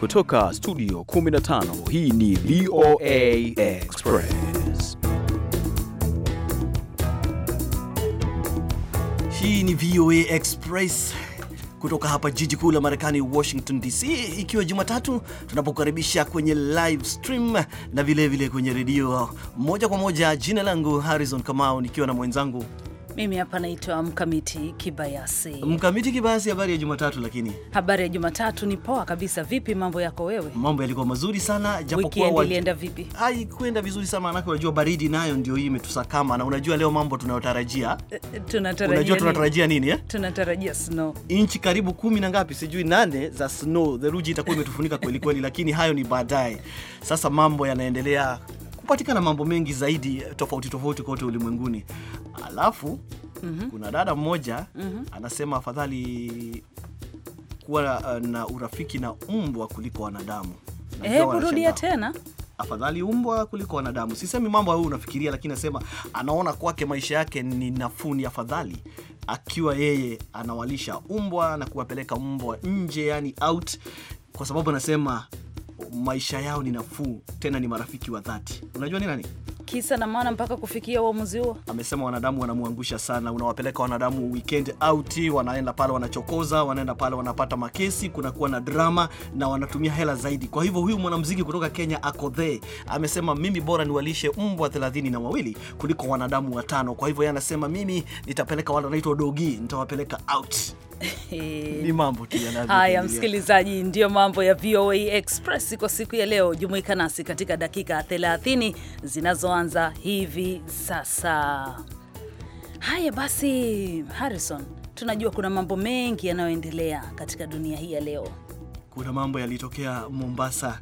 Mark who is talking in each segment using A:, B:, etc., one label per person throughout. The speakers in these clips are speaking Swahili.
A: Kutoka studio 15 hii ni VOA Express. Hii ni VOA Express kutoka hapa jiji kuu la Marekani, Washington DC, ikiwa Jumatatu tunapokaribisha kwenye live stream na vilevile vile kwenye redio moja kwa moja. Jina langu Harrison Kamau nikiwa na mwenzangu
B: mimi hapa naitwa Mkamiti Kibayasi.
A: Mkamiti Kibayasi, habari ya Jumatatu. Lakini
B: habari ya Jumatatu ni poa kabisa. Vipi mambo yako wewe?
A: Mambo yalikuwa mazuri sana, japokuwa wiki ilienda vipi? Haikuenda vizuri sana, manake unajua baridi nayo ndio hii imetusakama, na unajua leo mambo tunayotarajia eh,
B: eh, tunatarajia, unajua tunatarajia
A: nini eh? Tunatarajia snow, inchi karibu kumi na ngapi, sijui nane za snow. Theluji itakuwa imetufunika kweli kweli, lakini hayo ni baadaye. Sasa mambo yanaendelea kupatikana mambo mengi zaidi tofauti tofauti kote ulimwenguni, alafu mm -hmm. kuna dada mmoja mm -hmm. anasema afadhali kuwa eh, na urafiki na umbwa kuliko wanadamu. kurudia tena afadhali umbwa kuliko wanadamu. Sisemi mambo ayo unafikiria, lakini nasema anaona kwake maisha yake ni nafuu, ni afadhali akiwa yeye anawalisha umbwa na kuwapeleka mbwa nje, yani out, kwa sababu anasema maisha yao ni nafuu, tena ni marafiki wa dhati. Unajua ni nani?
B: kisa na maana mpaka kufikia uamuzi huo.
A: Amesema wanadamu wanamwangusha sana, unawapeleka wanadamu weekend out, wanaenda pale wanachokoza, wanaenda pale wanapata makesi, kunakuwa na drama na wanatumia hela zaidi. Kwa hivyo huyu mwanamuziki kutoka Kenya Akothe amesema mimi bora niwalishe mbwa thelathini na wawili kuliko wanadamu watano. Kwa hivyo yeye anasema mimi nitapeleka wale wanaitwa dogi, nitawapeleka out.
B: ni
A: mambo tu haya,
B: msikilizaji, ndiyo mambo ya VOA Express kwa siku ya leo. Jumuika nasi katika dakika 30 zinazoanza hivi sasa. Haya basi, Harrison, tunajua kuna mambo mengi yanayoendelea katika dunia hii ya leo.
A: Kuna mambo yalitokea Mombasa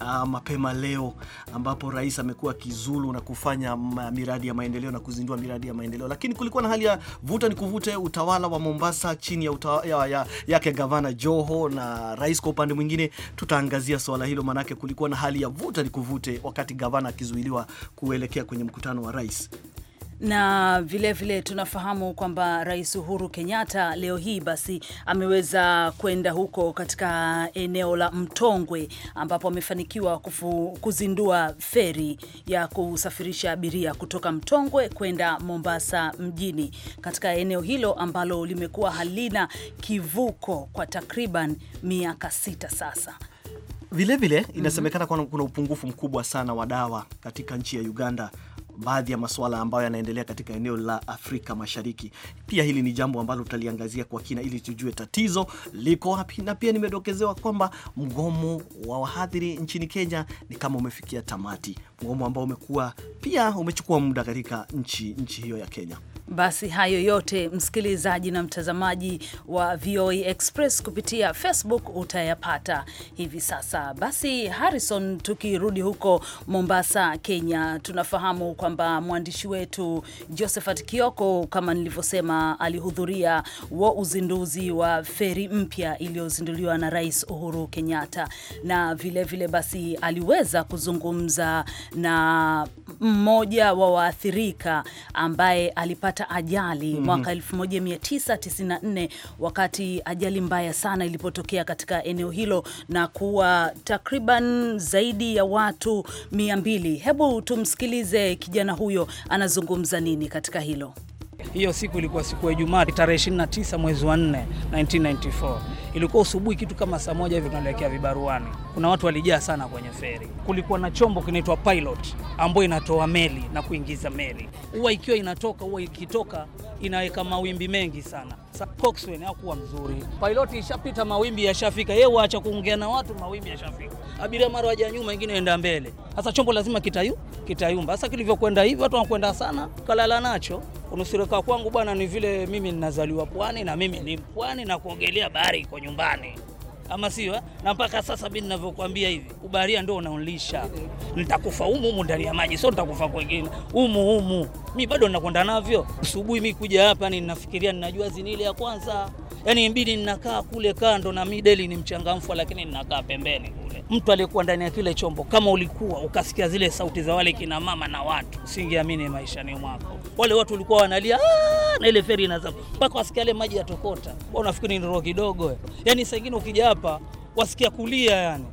A: Uh, mapema leo ambapo rais amekuwa akizulu na kufanya miradi ya maendeleo na kuzindua miradi ya maendeleo, lakini kulikuwa na hali ya vuta ni kuvute, utawala wa Mombasa chini ya yake ya, ya gavana Joho na rais kwa upande mwingine. Tutaangazia swala hilo, maanake kulikuwa na hali ya vuta ni kuvute wakati gavana akizuiliwa kuelekea kwenye mkutano wa rais
B: na vilevile vile tunafahamu kwamba Rais Uhuru Kenyatta leo hii basi ameweza kwenda huko katika eneo la Mtongwe ambapo amefanikiwa kuzindua feri ya kusafirisha abiria kutoka Mtongwe kwenda Mombasa mjini katika eneo hilo ambalo limekuwa halina kivuko kwa takriban miaka sita sasa.
A: Vilevile mhm. inasemekana mm -hmm. kuna upungufu mkubwa sana wa dawa katika nchi ya Uganda baadhi ya masuala ambayo yanaendelea katika eneo la Afrika Mashariki. Pia hili ni jambo ambalo tutaliangazia kwa kina ili tujue tatizo liko wapi, na pia nimedokezewa kwamba mgomo wa wahadhiri nchini Kenya ni kama umefikia tamati, mgomo ambao umekuwa pia umechukua muda katika nchi nchi hiyo ya Kenya.
B: Basi hayo yote msikilizaji na mtazamaji wa VOA e Express kupitia Facebook utayapata hivi sasa. Basi Harrison, tukirudi huko Mombasa, Kenya, tunafahamu kwamba mwandishi wetu Josephat Kioko, kama nilivyosema, alihudhuria wa uzinduzi wa feri mpya iliyozinduliwa na Rais Uhuru Kenyatta, na vilevile vile basi aliweza kuzungumza na mmoja wa waathirika ambaye alipata alipata ajali mm -hmm. mwaka 1994 wakati ajali mbaya sana ilipotokea katika eneo hilo na kuwa takriban zaidi ya watu 200. Hebu tumsikilize kijana huyo anazungumza nini katika
C: hilo. Hiyo siku ilikuwa siku ya Ijumaa tarehe 29 mwezi wa 4 1994 Ilikuwa usubuhi kitu kama saa moja hivi tunaelekea vibaruani, kuna watu walijaa sana kwenye feri. Kulikuwa na chombo kinaitwa pilot ambayo inatoa meli na kuingiza meli, huwa ikiwa inatoka, huwa ikitoka inaweka mawimbi mengi sana. Coxswain hakuwa mzuri, piloti ishapita, mawimbi yashafika, yeye waacha kuongea na watu, mawimbi yashafika, abiria mara waja nyuma, ingine enda mbele. Sasa chombo lazima kitayu kitayumba. Sasa kilivyokwenda hivi, watu wanakwenda sana, kalala nacho unusirika kwangu bwana, ni vile mimi ninazaliwa pwani na mimi ni pwani na kuogelea bahari iko nyumbani, ama sio? Eh? Na mpaka sasa mimi ninavyokuambia hivi, ubaharia ndio unaolisha. Nitakufa umu umu ndani ya maji, sio nitakufa kwengine, umu umu mi bado nakwenda navyo. Asubuhi mi kuja hapa ni ninafikiria ninajua zini ile ya kwanza, yani mbili ninakaa kule kando na mideli ni mchangamfu, lakini ninakaa pembeni kule. Mtu aliyekuwa ndani ya kile chombo, kama ulikuwa ukasikia zile sauti za wale kina mama na watu, usingeamini maishani mwako. Wale watu walikuwa wanalia ah, na ile feri inaza mpaka wasikia ile maji yatokota. Wao nafikiri ni roho kidogo, Yani saa ingine ukija hapa wasikia kulia yani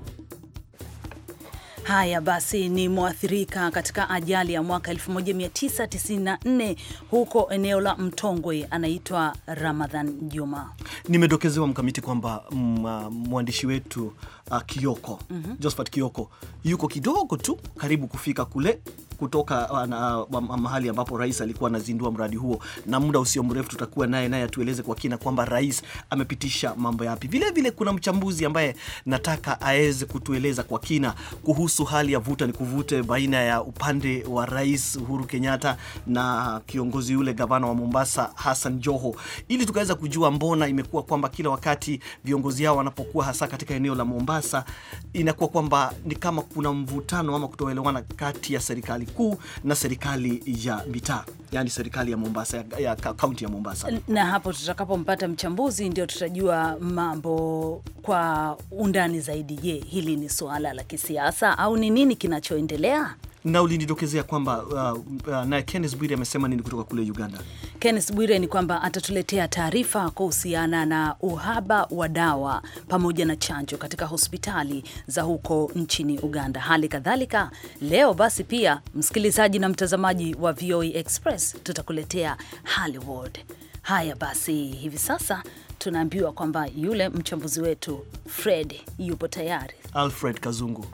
B: Haya basi, ni mwathirika katika ajali ya mwaka 1994 huko eneo la Mtongwe, anaitwa Ramadhan Juma.
A: Nimedokezewa mkamiti kwamba mm, ah, mwandishi wetu uh, Kioko mm -hmm. Josephat Kioko yuko kidogo tu karibu kufika kule kutoka uh, na, mahali ambapo rais alikuwa anazindua mradi huo, na muda usio mrefu tutakuwa naye naye atueleze kwa kina kwamba rais amepitisha mambo yapi. Vile vile kuna mchambuzi ambaye nataka aweze kutueleza kwa kina kuhusu hali ya vuta ni kuvute baina ya upande wa rais Uhuru Kenyatta na kiongozi yule gavana wa Mombasa Hassan Joho, ili tukaweza kujua mbona imekuwa kwamba kila wakati viongozi hao wanapokuwa hasa katika eneo la Mombasa inakuwa kwamba ni kama kuna mvutano ama kutoelewana kati ya serikali mkuu na serikali ya mitaa, yani serikali ya Mombasa, ya kaunti ya Mombasa.
B: Na hapo tutakapompata mchambuzi ndio tutajua mambo kwa undani zaidi. Je, hili ni suala la kisiasa au ni nini kinachoendelea?
A: na ulinidokezea kwamba uh, uh, na Kenneth Bwire amesema nini kutoka kule Uganda.
B: Kenneth Bwire ni kwamba atatuletea taarifa kuhusiana na uhaba wa dawa pamoja na chanjo katika hospitali za huko nchini Uganda. Hali kadhalika leo basi, pia msikilizaji na mtazamaji wa VOA e Express tutakuletea Hollywood. Haya basi, hivi sasa tunaambiwa kwamba yule mchambuzi wetu Fred yupo tayari,
A: Alfred Kazungu.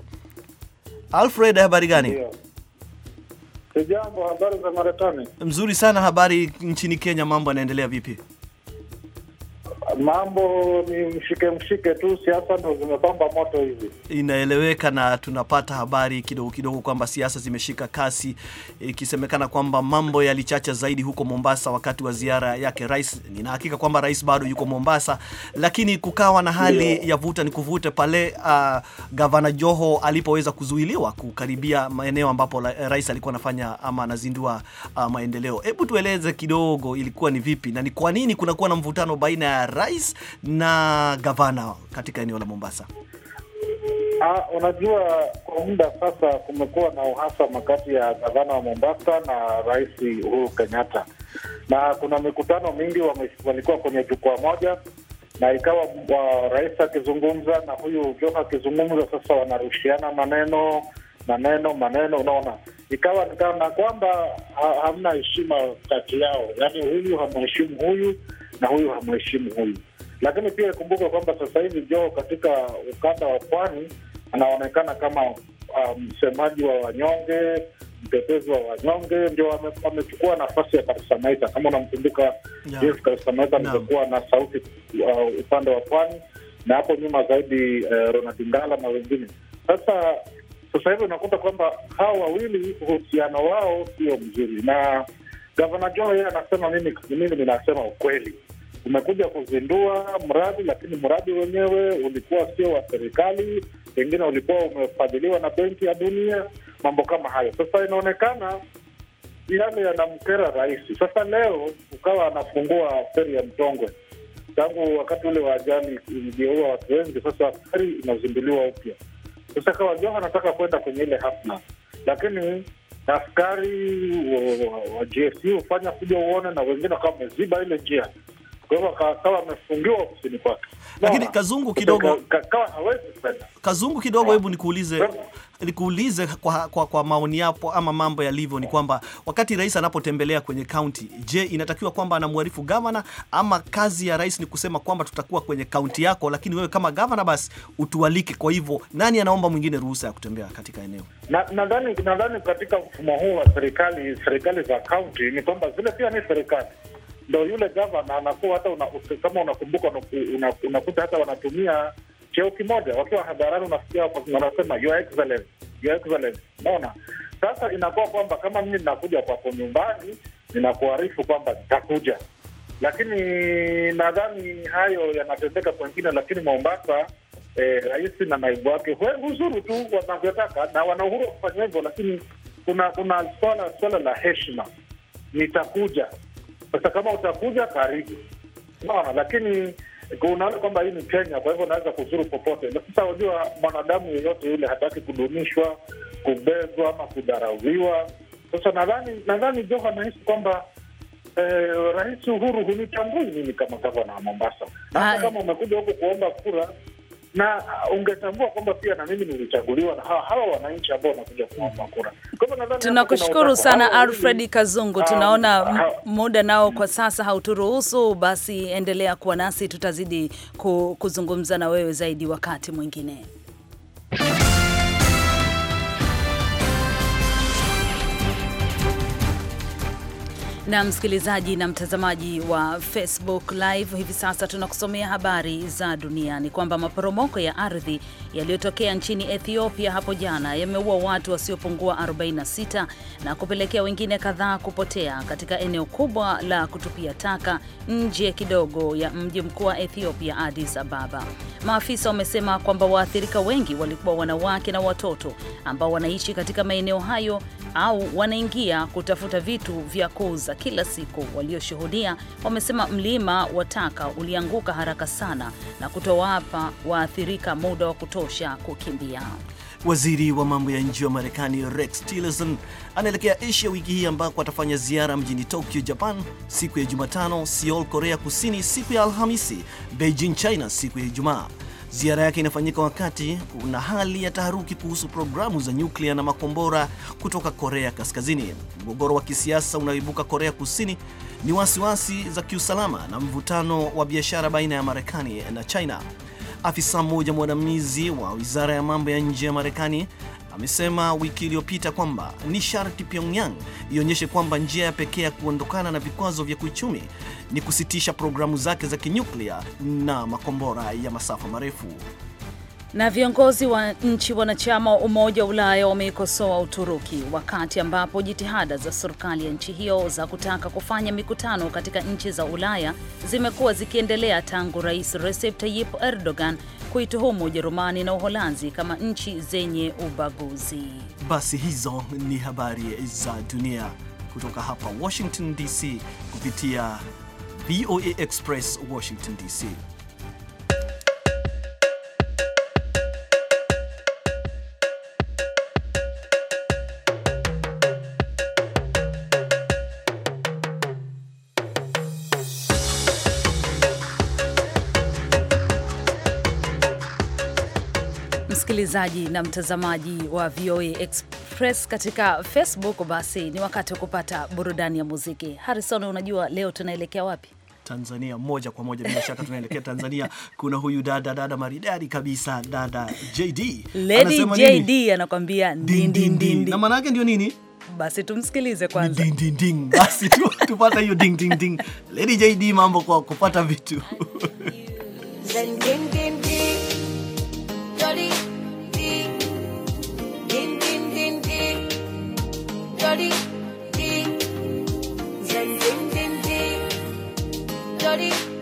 A: Alfred, habari gani?
D: Sijambo, habari za Marekani?
A: Mzuri sana. Habari nchini Kenya, mambo yanaendelea vipi?
D: mambo ni mshike mshike tu, siasa ndo zimepamba moto hivi,
A: inaeleweka na tunapata habari kidogo kidogo kwamba siasa zimeshika kasi, ikisemekana e, kwamba mambo yalichacha zaidi huko Mombasa wakati wa ziara yake rais. Nina hakika kwamba rais bado yuko Mombasa, lakini kukawa na hali yeah, ya vuta ni kuvute pale uh, gavana Joho alipoweza kuzuiliwa kukaribia maeneo ambapo la, rais alikuwa anafanya ama anazindua uh, maendeleo. Hebu tueleze kidogo ilikuwa ni vipi na ni kwa nini kunakuwa na mvutano baina ya rais na gavana katika eneo la Mombasa?
D: Ah, unajua kwa muda sasa kumekuwa na uhasama kati ya gavana wa Mombasa na rais Uhuru Kenyatta, na kuna mikutano mingi walikuwa kwenye jukwaa moja na ikawa wa rais akizungumza na huyu Joho akizungumza, sasa wanarushiana maneno maneno maneno, unaona, ikawa nikana kwamba hamna heshima kati yao, yaani huyu hamheshimu huyu na huyu hamheshimu huyu. Lakini pia ikumbuke kwamba sasa hivi Joho katika ukanda wa pwani anaonekana kama uh, msemaji um, wa wanyonge, mtetezi wa wanyonge, ndio amechukua nafasi ya Karisamaita. Kama unamkumbuka yeah. Karisamaita amekuwa na sauti uh, upande wa pwani na hapo nyuma zaidi uh, Ronald Ngala na wengine. Sasa sasa hivi unakuta kwamba hawa wawili uhusiano wao sio mzuri, na gavana Joho yeye anasema mimi, mimi ninasema ukweli umekuja kuzindua mradi, lakini mradi wenyewe ulikuwa sio wa serikali, pengine ulikuwa umefadhiliwa na Benki ya Dunia, mambo kama hayo. Sasa inaonekana yale yanamkera rais. Sasa leo ukawa anafungua feri ya Mtongwe tangu wakati ule wa ajali iliyoua watu wengi. Sasa feri inazinduliwa upya. Sasa Kawajoho anataka kwenda kwenye ile hafla, lakini askari wa GSU hufanya kuja uone, na wengine wakawa wameziba ile njia. Kwa hivyo akawa amefungiwa ofisini kwake. Lakini Kazungu kidogo, kawa hawezi kwenda. Kazungu kidogo, hebu nikuulize
A: nikuulize kwa, kwa, kwa maoni yapo ama mambo yalivyo ni kwamba wakati rais anapotembelea kwenye kaunti, je, inatakiwa kwamba anamwarifu gavana ama kazi ya rais ni kusema kwamba tutakuwa kwenye kaunti yako, lakini wewe kama gavana basi utualike? Kwa hivyo nani anaomba mwingine ruhusa ya kutembea katika eneo?
D: Nadhani na na, katika mfumo huu wa serikali serikali za kaunti ni kwamba zile pia ni serikali ndo yule gavana anakuwa hata una, kama unakumbuka unakuta una, una hata wanatumia cheo kimoja wakiwa hadharani, unasikia wanasema your excellence, your excellence. Unaona, sasa inakuwa kwamba kama mimi ninakuja kwako nyumbani, ninakuarifu kwamba nitakuja, lakini nadhani hayo yanatendeka kwengine, lakini Mombasa eh, rais na naibu wake huzuru tu wanavyotaka na wana uhuru wa kufanya hivyo, lakini kuna kuna swala swala la heshima, nitakuja sasa kama utakuja karibu, naona lakini unaona kwamba hii ni Kenya, kwa hivyo unaweza kuzuru popote. sasa wajua, mwanadamu yeyote yule hataki kudumishwa, kubezwa ama kudharauliwa. Sasa nadhani nadhani Joho anahisi kwamba eh, Rais Uhuru hunitambui mimi kama gavana wa Mombasa, hata kama umekuja huku kuomba kura na ungetambua kwamba pia na mimi nilichaguliwa na hawa hawa wananchi ambao wanakuja kuomba kura. Tunakushukuru sana Alfred Kazungu, ah, tunaona ah.
B: muda nao kwa sasa hauturuhusu, basi endelea kuwa nasi, tutazidi kuzungumza na wewe zaidi wakati mwingine. na msikilizaji na mtazamaji wa Facebook Live, hivi sasa tunakusomea habari za duniani kwamba maporomoko ya ardhi yaliyotokea nchini Ethiopia hapo jana yameua watu wasiopungua 46 na kupelekea wengine kadhaa kupotea katika eneo kubwa la kutupia taka nje kidogo ya mji mkuu wa Ethiopia, Addis Ababa. Maafisa wamesema kwamba waathirika wengi walikuwa wanawake na watoto ambao wanaishi katika maeneo hayo au wanaingia kutafuta vitu vya kuuza kila siku. Walioshuhudia wamesema mlima wa taka ulianguka haraka sana na kutowapa waathirika muda wa kutosha kukimbia.
A: Waziri wa mambo ya nje wa Marekani Rex Tillerson anaelekea Asia wiki hii ambako atafanya ziara mjini Tokyo, Japan siku ya Jumatano, Seoul, Korea Kusini siku ya Alhamisi, Beijing, China siku ya Ijumaa. Ziara yake inafanyika wakati kuna hali ya taharuki kuhusu programu za nyuklia na makombora kutoka Korea Kaskazini. Mgogoro wa kisiasa unaoibuka Korea Kusini ni wasiwasi za kiusalama na mvutano wa biashara baina ya Marekani na China. Afisa mmoja mwandamizi wa wizara ya mambo ya nje ya Marekani amesema wiki iliyopita kwamba ni sharti Pyongyang ionyeshe kwamba njia ya pekee ya kuondokana na vikwazo vya kiuchumi ni kusitisha programu zake za kinyuklia na makombora ya masafa marefu.
B: Na viongozi wa nchi wanachama wa Umoja wa Ulaya wameikosoa Uturuki wakati ambapo jitihada za serikali ya nchi hiyo za kutaka kufanya mikutano katika nchi za Ulaya zimekuwa zikiendelea tangu Rais Recep Tayyip Erdogan kuituhumu Ujerumani na Uholanzi kama nchi zenye ubaguzi.
A: Basi hizo ni habari za dunia kutoka hapa Washington DC kupitia VOA Express Washington DC.
B: msikilizaji na mtazamaji wa VOA Express katika Facebook. Basi ni wakati wa kupata burudani ya muziki. Harrison,
A: unajua leo tunaelekea wapi? Tanzania moja kwa moja, bila shaka tunaelekea Tanzania. Kuna huyu dada dada maridadi kabisa, dada JD. Lady JD
B: anakuambia ndindindindi, na
A: maana yake ndio nini? Basi tumsikilize kwanza. Ding, ding, ding. Basi tu, tupata hiyo ding, ding, ding. Lady JD, mambo kwa kupata vitu
E: ding, D, Zen, Zen, Zen, Lodi.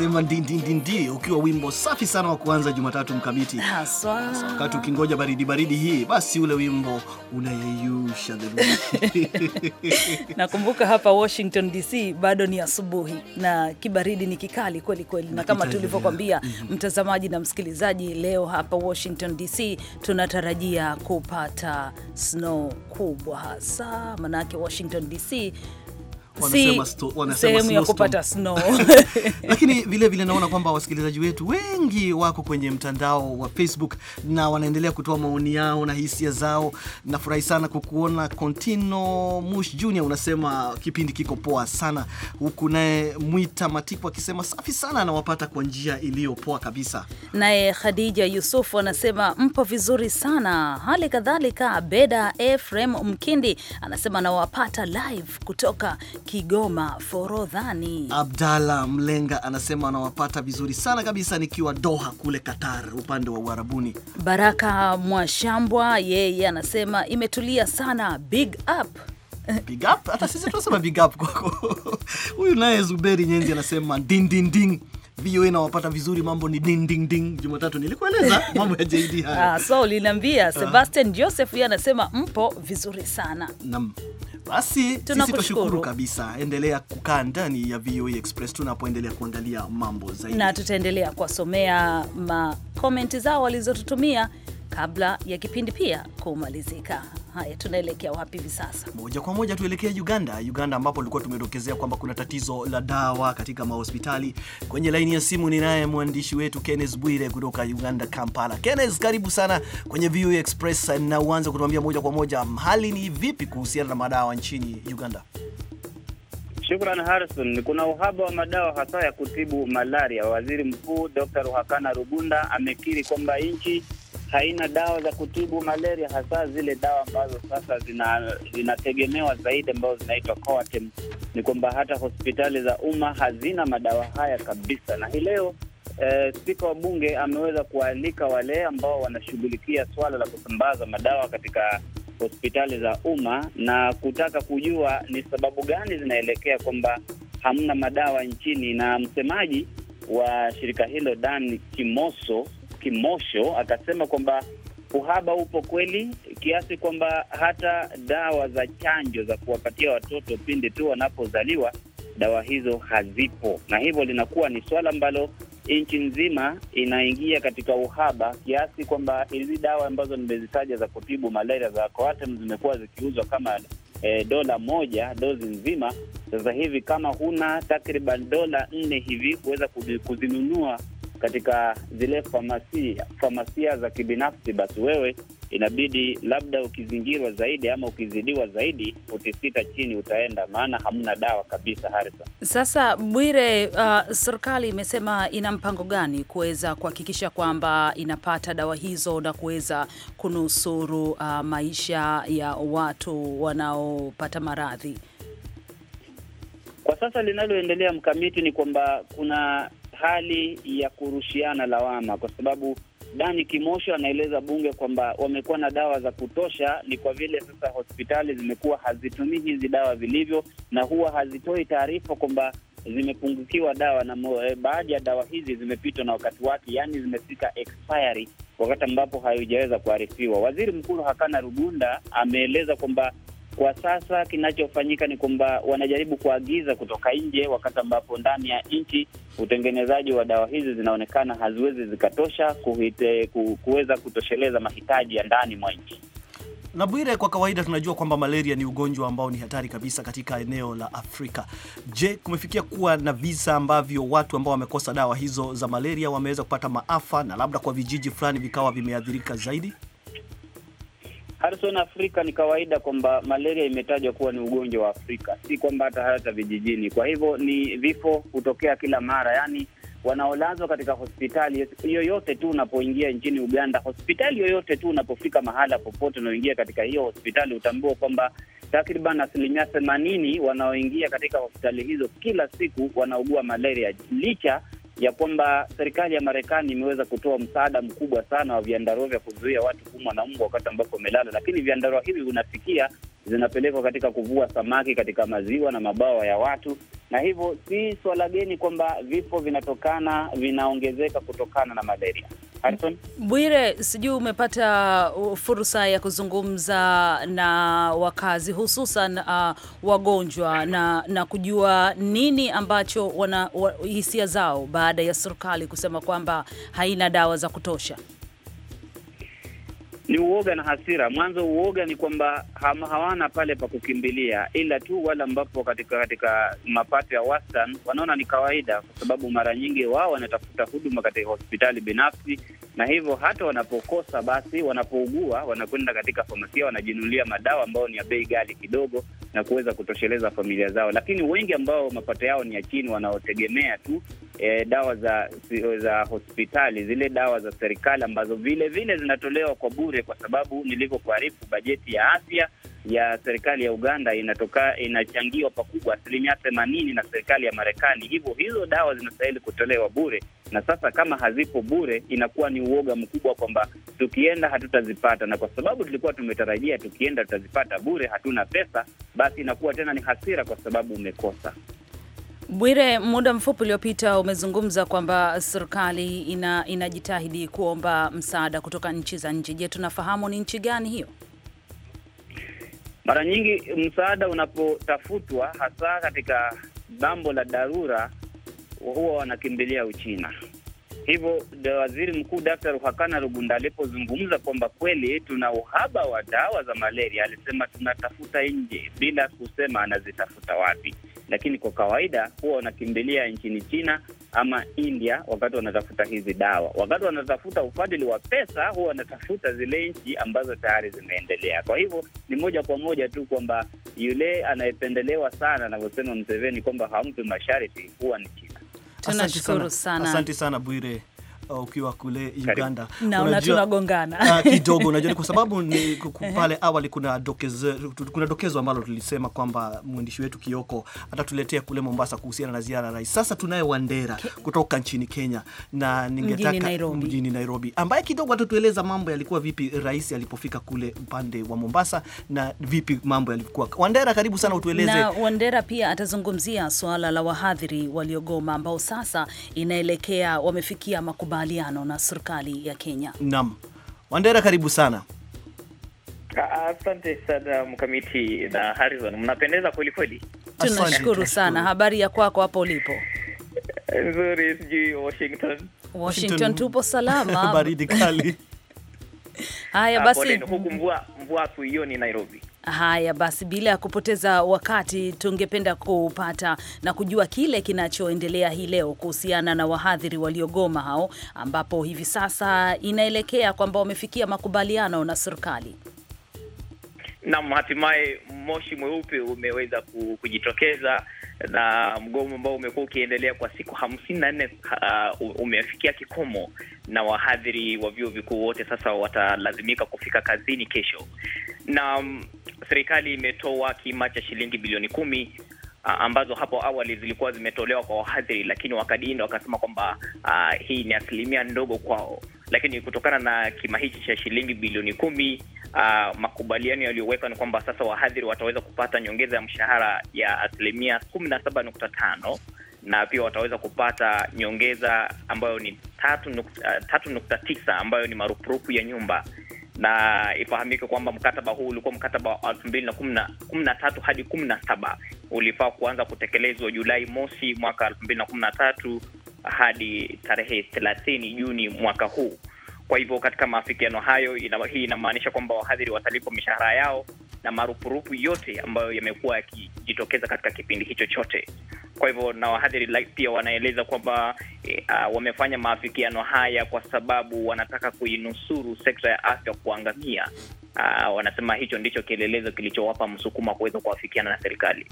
A: anasema ndindindindi, ukiwa wimbo safi sana wa kuanza Jumatatu mkamiti
B: haswa, wakati
A: ukingoja baridi baridi hii, basi ule wimbo unayeyusha Nakumbuka hapa Washington DC bado ni asubuhi
B: na kibaridi ni kikali kweli kweli, na kama tulivyokwambia mm-hmm. mtazamaji na msikilizaji, leo hapa Washington DC tunatarajia kupata snow kubwa hasa, manake Washington DC sehemu ya kupata snow
A: lakini vilevile vile naona kwamba wasikilizaji wetu wengi wako kwenye mtandao wa Facebook na wanaendelea kutoa maoni yao na hisia zao. Nafurahi sana kukuona Contino Mush Junior, unasema kipindi kiko poa sana, huku naye Mwita Matiku akisema safi sana, anawapata kwa njia iliyopoa kabisa.
B: Naye Khadija Yusufu anasema mpo vizuri sana. Hali kadhalika Beda Efrem Mkindi anasema anawapata live kutoka Kigoma Forodhani.
A: Abdalla Mlenga anasema anawapata vizuri sana kabisa nikiwa Doha kule Qatar, upande wa Uarabuni.
B: Baraka Mwashambwa yeye anasema imetulia sana, big
E: up
A: Big up? Hata sisi tunasema big up kwako. Huyu naye Zuberi Nyenzi anasema ding ding ding. VOA nawapata vizuri, mambo ni ding ding ding. Jumatatu nilikueleza mambo ya JD ah, haya. Ah,
B: so linaambia Sebastian Joseph yeye anasema mpo vizuri sana.
A: Naam. Basi sisi tushukuru kabisa, endelea kukaa ndani ya VOA e Express tunapoendelea kuangalia mambo zaidi, na
B: tutaendelea kuwasomea makomenti zao walizotutumia kabla ya kipindi pia kumalizika. Haya, tunaelekea wapi hivi
A: sasa? Moja kwa moja tuelekea Uganda, Uganda ambapo tulikuwa tumedokezea kwamba kuna tatizo la dawa katika mahospitali. Kwenye laini ya simu ninaye mwandishi wetu Kenneth Bwire kutoka Uganda, Kampala. Kenneth, karibu sana kwenye VU Express, na uanze kutuambia moja kwa moja hali ni vipi kuhusiana na madawa nchini Uganda?
F: Shukran Harrison, kuna uhaba wa madawa hasa ya kutibu malaria. Waziri Mkuu Dr. Ruhakana Rugunda amekiri kwamba nchi haina dawa za kutibu malaria, hasa zile dawa ambazo sasa zina, zinategemewa zaidi ambazo zinaitwa Coartem. Ni kwamba hata hospitali za umma hazina madawa haya kabisa, na hii leo eh, spika wa bunge ameweza kuwaalika wale ambao wanashughulikia swala la kusambaza madawa katika hospitali za umma na kutaka kujua ni sababu gani zinaelekea kwamba hamna madawa nchini. Na msemaji wa shirika hilo Dan Kimoso Kimosho akasema kwamba uhaba upo kweli kiasi kwamba hata dawa za chanjo za kuwapatia watoto pindi tu wanapozaliwa dawa hizo hazipo, na hivyo linakuwa ni swala ambalo nchi nzima inaingia katika uhaba kiasi kwamba hizi dawa ambazo nimezitaja za kutibu malaria za Coartem zimekuwa zikiuzwa kama e, dola moja dozi nzima. Sasa hivi kama huna takriban dola nne hivi kuweza kuzinunua katika zile famasia famasia za kibinafsi, basi wewe inabidi labda ukizingirwa zaidi ama ukizidiwa zaidi utisita chini utaenda, maana hamna dawa kabisa. Harrison,
B: sasa Bwire, uh, serikali imesema ina mpango gani kuweza kuhakikisha kwamba inapata dawa hizo na kuweza kunusuru uh, maisha ya watu wanaopata maradhi?
F: Kwa sasa linaloendelea mkamiti ni kwamba kuna hali ya kurushiana lawama, kwa sababu Dani Kimosho anaeleza bunge kwamba wamekuwa na dawa za kutosha, ni kwa vile sasa hospitali zimekuwa hazitumii hizi dawa vilivyo, na huwa hazitoi taarifa kwamba zimepungukiwa dawa na eh, baadhi ya dawa hizi zimepitwa na wakati wake, yaani zimefika expiry wakati ambapo haijaweza kuarifiwa. Waziri Mkuu Hakana Rugunda ameeleza kwamba kwa sasa kinachofanyika ni kwamba wanajaribu kuagiza kutoka nje, wakati ambapo ndani ya nchi utengenezaji wa dawa hizi zinaonekana haziwezi zikatosha kuhite, kuweza kutosheleza mahitaji ya ndani mwa nchi.
A: Na Bwire, kwa kawaida tunajua kwamba malaria ni ugonjwa ambao ni hatari kabisa katika eneo la Afrika. Je, kumefikia kuwa na visa ambavyo watu ambao wamekosa dawa hizo za malaria wameweza kupata maafa na labda kwa vijiji fulani vikawa vimeathirika zaidi?
F: Harrison, Afrika ni kawaida kwamba malaria imetajwa kuwa ni ugonjwa wa Afrika, si kwamba hata hata vijijini. Kwa hivyo ni vifo hutokea kila mara, yaani wanaolazwa katika hospitali yoyote tu unapoingia nchini Uganda, hospitali yoyote tu unapofika mahala popote unaoingia katika hiyo hospitali, utambua kwamba takriban asilimia themanini wanaoingia katika hospitali hizo kila siku wanaugua malaria, licha ya kwamba serikali ya Marekani imeweza kutoa msaada mkubwa sana wa viandarua vya kuzuia watu kumwa na mbu wakati ambapo wamelala, lakini viandarua hivi unafikia zinapelekwa katika kuvua samaki katika maziwa na mabawa ya watu, na hivyo si swala geni kwamba vifo vinatokana vinaongezeka kutokana na malaria. Harrison
B: Bwire, sijui umepata fursa ya kuzungumza na wakazi hususan uh, wagonjwa na, na kujua nini ambacho wana hisia zao baada ya serikali kusema kwamba haina dawa za kutosha.
F: Ni uoga na hasira. Mwanzo uoga ni kwamba hawana pale pa kukimbilia, ila tu wale ambapo katika katika mapato ya wastani wanaona ni kawaida, kwa sababu mara nyingi wao wanatafuta huduma katika hospitali binafsi, na hivyo hata wanapokosa basi, wanapougua wanakwenda katika famasia, wanajinunulia madawa ambayo ni ya bei ghali kidogo na kuweza kutosheleza familia zao. Lakini wengi ambao mapato yao ni ya chini, wanaotegemea tu e, dawa za za hospitali, zile dawa za serikali ambazo vilevile vile zinatolewa kwa bure bure, kwa sababu nilivyokuarifu, bajeti ya afya ya serikali ya Uganda inatoka inachangiwa pakubwa asilimia themanini na serikali ya Marekani. Hivyo hizo dawa zinastahili kutolewa bure, na sasa kama hazipo bure, inakuwa ni uoga mkubwa kwamba tukienda hatutazipata, na kwa sababu tulikuwa tumetarajia tukienda tutazipata bure, hatuna pesa, basi inakuwa tena ni hasira kwa sababu umekosa.
B: Bwire, muda mfupi uliopita umezungumza kwamba serikali ina, inajitahidi kuomba msaada kutoka nchi za nje. Je, tunafahamu ni nchi gani hiyo?
F: Mara nyingi msaada unapotafutwa hasa katika jambo la dharura huwa wanakimbilia Uchina. Hivyo waziri mkuu Daktari Ruhakana Rugunda alipozungumza kwamba kweli tuna uhaba wa dawa za malaria, alisema tunatafuta nje, bila kusema anazitafuta wapi lakini kwa kawaida huwa wanakimbilia nchini China ama India wakati wanatafuta hizi dawa. Wakati wanatafuta ufadhili wa pesa, huwa wanatafuta zile nchi ambazo tayari zimeendelea. Kwa hivyo ni moja kwa moja tu kwamba yule anayependelewa sana, anavyosema Mseveni kwamba hampi masharti, huwa ni China. Tunashukuru sana, asante
A: sana Bwire ukiwa kule Uganda na tunagongana ah, kidogo. Unajua, kwa sababu ni pale eh. awali kuna dokezo, kuna dokezo ambalo tulisema kwamba mwandishi wetu Kioko atatuletea kule Mombasa kuhusiana na ziara ya rais. Sasa tunaye Wandera kutoka nchini Kenya na ningetaka mjini Nairobi, mjini Nairobi ambaye kidogo atatueleza mambo yalikuwa vipi rais alipofika kule upande wa Mombasa na vipi mambo yalikuwa. Wandera, karibu sana utueleze. Na
B: Wandera pia atazungumzia swala la wahadhiri waliogoma ambao sasa inaelekea wamefikia makubaliano makubaliano na serikali ya Kenya.
A: Naam, Wandera, karibu sana.
G: Asante sana mkamiti na Harrison, mnapendeza kweli kweli.
B: Tunashukuru sana. Habari ya kwako hapo ulipo?
G: Nzuri, sijui Washington.
B: Washington tupo salama, baridi kali. Haya basi, huku
G: mvua mvua ni Nairobi.
B: Haya basi, bila ya kupoteza wakati, tungependa kupata na kujua kile kinachoendelea hii leo kuhusiana na wahadhiri waliogoma hao, ambapo hivi sasa inaelekea kwamba wamefikia makubaliano na serikali.
G: Naam, hatimaye moshi mweupe umeweza kujitokeza na mgomo ambao umekuwa ukiendelea kwa siku hamsini na nne uh, umefikia kikomo, na wahadhiri wa vyuo vikuu wote sasa watalazimika kufika kazini kesho na serikali imetoa kima cha shilingi bilioni kumi ambazo hapo awali zilikuwa zimetolewa kwa wahadhiri, lakini wakadinda wakasema kwamba uh, hii ni asilimia ndogo kwao. Lakini kutokana na kima hichi cha shilingi bilioni kumi uh, makubaliano yaliyowekwa ni kwamba sasa wahadhiri wataweza kupata nyongeza ya mshahara ya asilimia kumi na saba nukta tano na pia wataweza kupata nyongeza ambayo ni tatu nukta, uh, tatu nukta tisa ambayo ni marupurupu ya nyumba na ifahamike kwamba mkataba huu ulikuwa mkataba wa elfu mbili na kumi na tatu hadi kumi na saba ulifaa kuanza kutekelezwa Julai mosi mwaka elfu mbili na kumi na tatu hadi tarehe thelathini Juni mwaka huu. Kwa hivyo katika maafikiano hayo ina, hii inamaanisha kwamba wahadhiri watalipwa mishahara yao na marupurupu yote ambayo yamekuwa yakijitokeza katika kipindi hicho chote. Kwa hivyo na wahadhiri like, pia wanaeleza kwamba uh, wamefanya maafikiano haya kwa sababu wanataka kuinusuru sekta ya afya kuangamia. Uh, wanasema hicho ndicho kielelezo kilichowapa msukuma kuweza kuafikiana na serikali.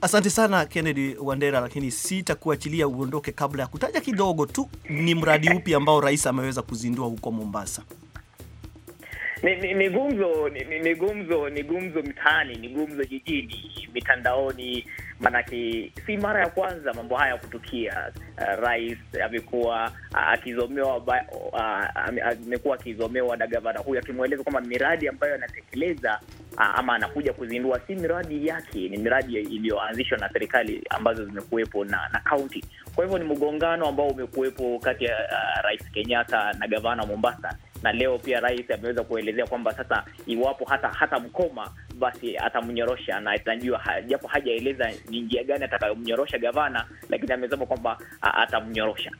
A: Asante sana Kennedy Wandera, lakini sitakuachilia uondoke kabla ya kutaja kidogo tu ni mradi upi ambao rais ameweza kuzindua huko Mombasa.
G: Ni, ni, ni gumzo ni, ni gumzo ni gumzo mtaani, ni gumzo jijini, mitandaoni. Maanake si mara ya kwanza mambo haya kutukia. Uh, rais amekuwa uh, akizomewa uh, amekuwa akizomewa na gavana huyu akimweleza kwamba miradi ambayo anatekeleza uh, ama anakuja kuzindua si miradi yake, ni miradi iliyoanzishwa na serikali ambazo zimekuwepo na na kaunti. Kwa hivyo ni mgongano ambao umekuwepo kati ya uh, rais Kenyatta na gavana Mombasa, na leo pia rais ameweza kuelezea kwamba sasa iwapo hata hata mkoma basi atamnyorosha na tunajua ha, japo hajaeleza ni njia gani atakayomnyorosha gavana, lakini amesema kwamba
B: atamnyorosha.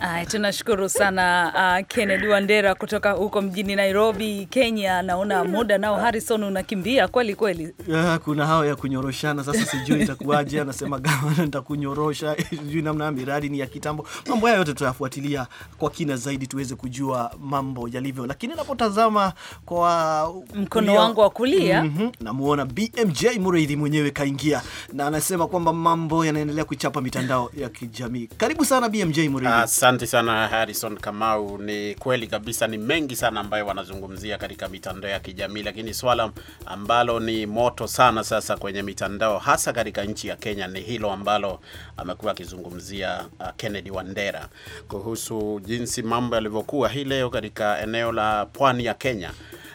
B: Ay, tunashukuru sana uh, Kennedy Wandera kutoka huko mjini Nairobi, Kenya. Naona muda nao, Harrison, unakimbia kweli kweli.
A: Yeah, kuna hao ya kunyoroshana sasa, sijui itakuwaje. Anasema gavana, nitakunyorosha sijui namna, miradi ni ya kitambo. Mambo haya yote tutayafuatilia kwa kina zaidi tuweze kujua mambo yalivyo, lakini napotazama kwa mkono wangu wa kulia mm -hmm, namuona BMJ Mureithi mwenyewe kaingia na anasema kwamba mambo yanaendelea kuchapa mitandao ya kijamii. Karibu sana BMJ Mureithi.
H: Asante sana Harrison Kamau. Ni kweli kabisa, ni mengi sana ambayo wanazungumzia katika mitandao ya kijamii, lakini swala ambalo ni moto sana sasa kwenye mitandao hasa katika nchi ya Kenya ni hilo ambalo amekuwa akizungumzia uh, Kennedy Wandera kuhusu jinsi mambo yalivyokuwa hii leo katika eneo la pwani ya Kenya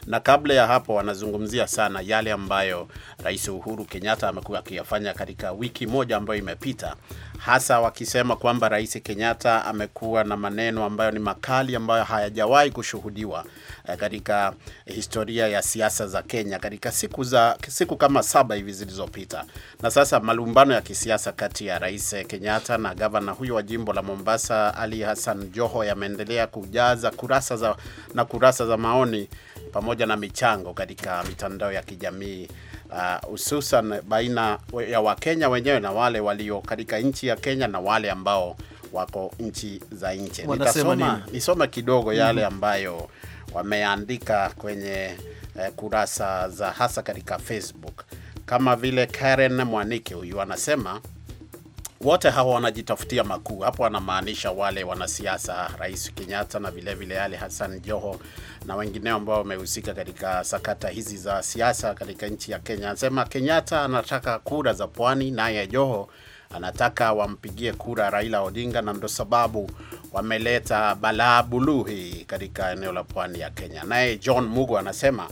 H: na kabla ya hapo wanazungumzia sana yale ambayo Rais Uhuru Kenyatta amekuwa akiyafanya katika wiki moja ambayo imepita, hasa wakisema kwamba Rais Kenyatta amekuwa na maneno ambayo ni makali ambayo hayajawahi kushuhudiwa eh, katika historia ya siasa za Kenya katika siku za siku kama saba hivi zilizopita. Na sasa malumbano ya kisiasa kati ya Rais Kenyatta na gavana huyo wa jimbo la Mombasa Ali Hassan Joho yameendelea kujaza kurasa za na kurasa za maoni pamoja na michango katika mitandao ya kijamii Uh, hususan uh, baina ya Wakenya wenyewe na wale walio katika nchi ya Kenya na wale ambao wako nchi za nje. Nitasoma nisome kidogo yale mhm. ambayo wameandika kwenye eh, kurasa za hasa katika Facebook, kama vile Karen Mwanike huyu anasema wote hawa wanajitafutia makuu. Hapo wanamaanisha wale wanasiasa, Rais Kenyatta na vilevile Ali Hassan Joho na wengineo ambao wamehusika katika sakata hizi za siasa katika nchi ya Kenya. Anasema Kenyatta anataka kura za pwani, naye Joho anataka wampigie kura Raila Odinga, na ndo sababu wameleta balaa buluhi katika eneo la pwani ya Kenya. Naye John Mugo anasema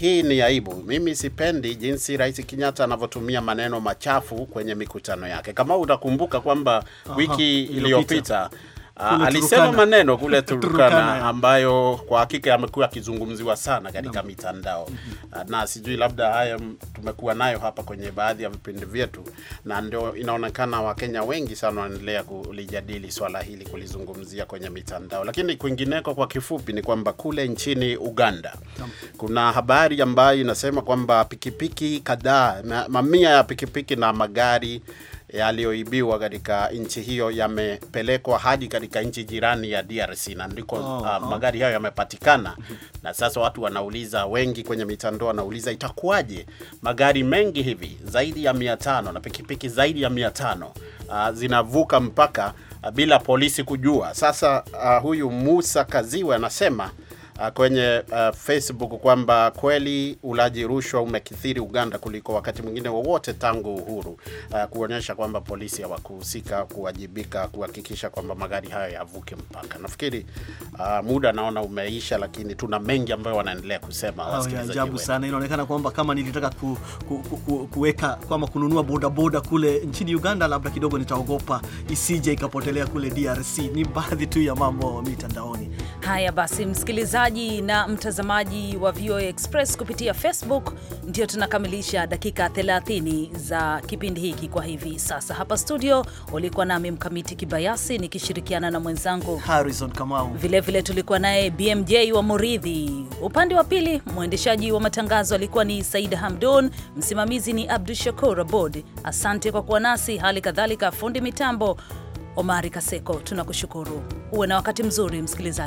H: hii ni aibu. Mimi sipendi jinsi Rais Kenyatta anavyotumia maneno machafu kwenye mikutano yake. Kama utakumbuka kwamba wiki iliyopita
A: Ah, alisema maneno kule Turukana,
H: ambayo kwa hakika yamekuwa akizungumziwa sana katika mitandao mhm. ah, na sijui labda haya tumekuwa nayo hapa kwenye baadhi ya vipindi vyetu, na ndio inaonekana Wakenya wengi sana wanaendelea kulijadili swala hili, kulizungumzia kwenye mitandao. Lakini kwingineko, kwa kifupi, ni kwamba kule nchini Uganda kuna habari ambayo inasema kwamba pikipiki kadhaa, mamia ya pikipiki na magari yaliyoibiwa katika nchi hiyo yamepelekwa hadi katika nchi jirani ya DRC na ndiko oh, uh, oh, magari hayo yamepatikana na sasa watu wanauliza, wengi kwenye mitandao wanauliza itakuwaje magari mengi hivi zaidi ya mia tano na pikipiki zaidi ya mia tano uh, zinavuka mpaka uh, bila polisi kujua. Sasa uh, huyu Musa Kaziwe anasema Ah, kwenye uh, Facebook kwamba kweli ulaji rushwa umekithiri Uganda kuliko wakati mwingine wowote tangu uhuru, uh, kuonyesha kwamba polisi hawakuhusika kuwajibika kuhakikisha kwamba magari hayo yavuke mpaka. Nafikiri uh, muda naona umeisha, lakini tuna mengi ambayo wanaendelea kusema oh, wasikilizaji. Ajabu sana,
A: inaonekana kwamba kama nilitaka ku, ku, ku, ku, kuweka kwamba kununua bodaboda kule nchini Uganda, labda kidogo nitaogopa isije ikapotelea kule DRC. Ni baadhi tu ya mambo mitandaoni.
B: Haya basi, msikilizaji msikilizaji na mtazamaji wa VOA Express kupitia Facebook, ndio tunakamilisha dakika 30 za kipindi hiki kwa hivi sasa. Hapa studio ulikuwa nami Mkamiti Kibayasi nikishirikiana na mwenzangu Harrison Kamau, vilevile tulikuwa naye BMJ wa Muridhi. Upande wa pili, mwendeshaji wa matangazo alikuwa ni Saida Hamdun, msimamizi ni Abdu Shakur Abod. Asante kwa kuwa nasi, hali kadhalika fundi mitambo Omari Kaseko. Tunakushukuru, uwe na wakati mzuri msikilizaji.